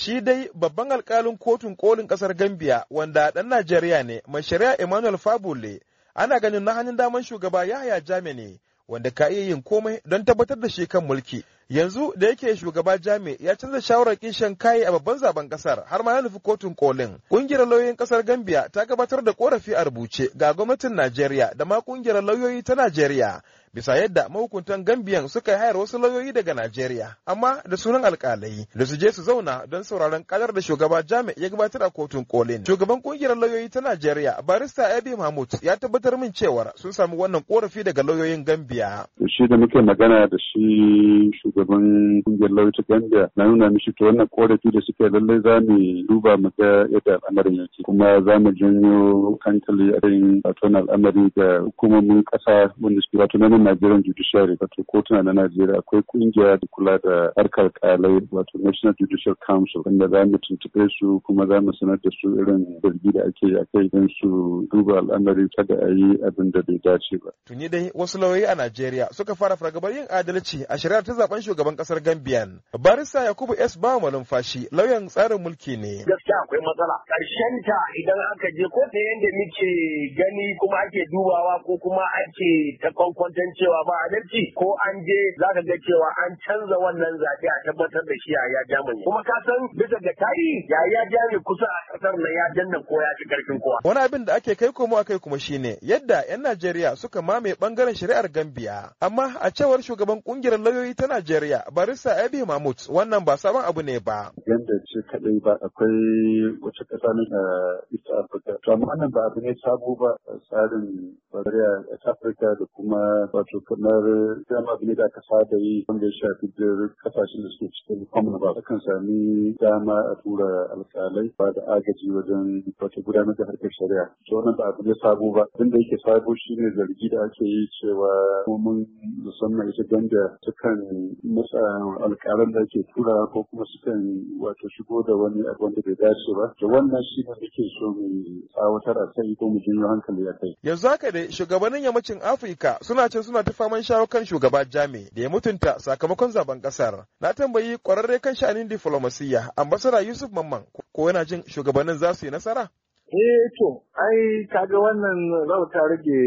Shi dai babban alkalin kotun kolin kasar Gambia wanda dan Najeriya ne mai shari'a Emmanuel Fabule ana ganin na hannun daman shugaba Yahaya Jami ne wanda ka iya yin komai don tabbatar da shi kan mulki. Yanzu da yake shugaba Jami ya canza shawarar kishin kayi a babban zaben kasar har ma ya nufi kotun kolin. Kungiyar lauyoyin kasar Gambia ta gabatar da korafi a rubuce ga gwamnatin Najeriya da ma kungiyar lauyoyi ta Najeriya bisa yadda mahukuntan gambiyan suka hayar wasu lauyoyi daga najeriya amma da sunan alkalai da su je su zauna don sauraron kadar da shugaba jami ya gabatar a kotun kolin shugaban kungiyar lauyoyi ta najeriya barista abi mahmud ya tabbatar min cewar sun sami wannan korafi daga lauyoyin gambiya shi da muke magana da shi shugaban kungiyar lauyoyi ta gambiya na nuna mishi to wannan korafi da suke lallai za mu duba mu ga yadda al'amarin yake kuma za mu janyo hankali a kan al'amari da hukumomin kasa wanda suke wato musamman Nigerian Judiciary wato kotuna na Najeriya akwai kungiya da kula da harkar kalai wato National Judicial Council wanda za mu tuntube su kuma za mu sanar da su irin zargi da ake a kai don su duba al'amari kada a yi abin da bai dace ba. Tuni dai wasu lauyoyi a Najeriya suka fara fargabar yin adalci a shari'ar ta zaben shugaban kasar Gambian. Barista Yakubu S. Bawa Malumfashi lauyan tsarin mulki ne. Gaskiya akwai matsala. ta idan aka je ko ta yadda muke gani kuma ake dubawa ko kuma ake ta kwankwantan ganin cewa ba adalci ko an je za ka ga cewa an canza wannan zaɓe a tabbatar da shi a yaya jamani kuma ka san bisa ga tarihi ya jami kusa a kasar na ya janna ko ya ci karfin kowa. wani abin da ake kai komo akai kuma shine yadda 'yan najeriya suka mame bangaren shari'ar gambia amma a cewar shugaban kungiyar lauyoyi ta najeriya barista abi mahmud wannan ba sabon abu ne ba. yadda ce kaɗai ba akwai wata ƙasa na eh, east africa to amma nan ba abu ne sabo ba tsarin bariya east africa da kuma wato kamar dama abu ne da aka saba yi wanda ya shafi da kasashen da suke cikin A kan sami dama a tura alƙalai ba da agaji wajen wata gudanar da harkar shari'a to wannan ba abu ne sabo ba abin da yake sabo shine zargi da ake yi cewa mun musamman ita ganda sukan matsa alƙalan da ake tura ko kuma sukan wato shigo da wani abu wanda bai dace ba to wannan shi ne yake so mu tsawatar a kai ko mu janyo hankali a kai yanzu haka dai shugabannin yammacin afirka suna cin suna ta faman shawo kan shugaba Jami da ya mutunta sakamakon zaben kasar. Na tambayi kwararre kan sha'anin diflomasiyya ambasada Yusuf Mamman ko yana jin shugabannin za su yi nasara? Eh to, ai kaga wannan rauta ta rage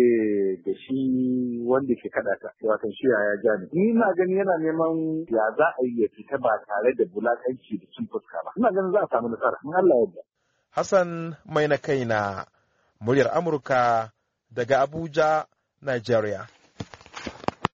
da shi wanda ke kada ta, wato shi ya jami. Ni ina gani yana neman ya za a yi ya fita ba tare da bulakanci da cin fuska ba. Ina ganin za a samu nasara, in Allah ya Hassan mai na kaina, muryar Amurka daga Abuja, Nigeria.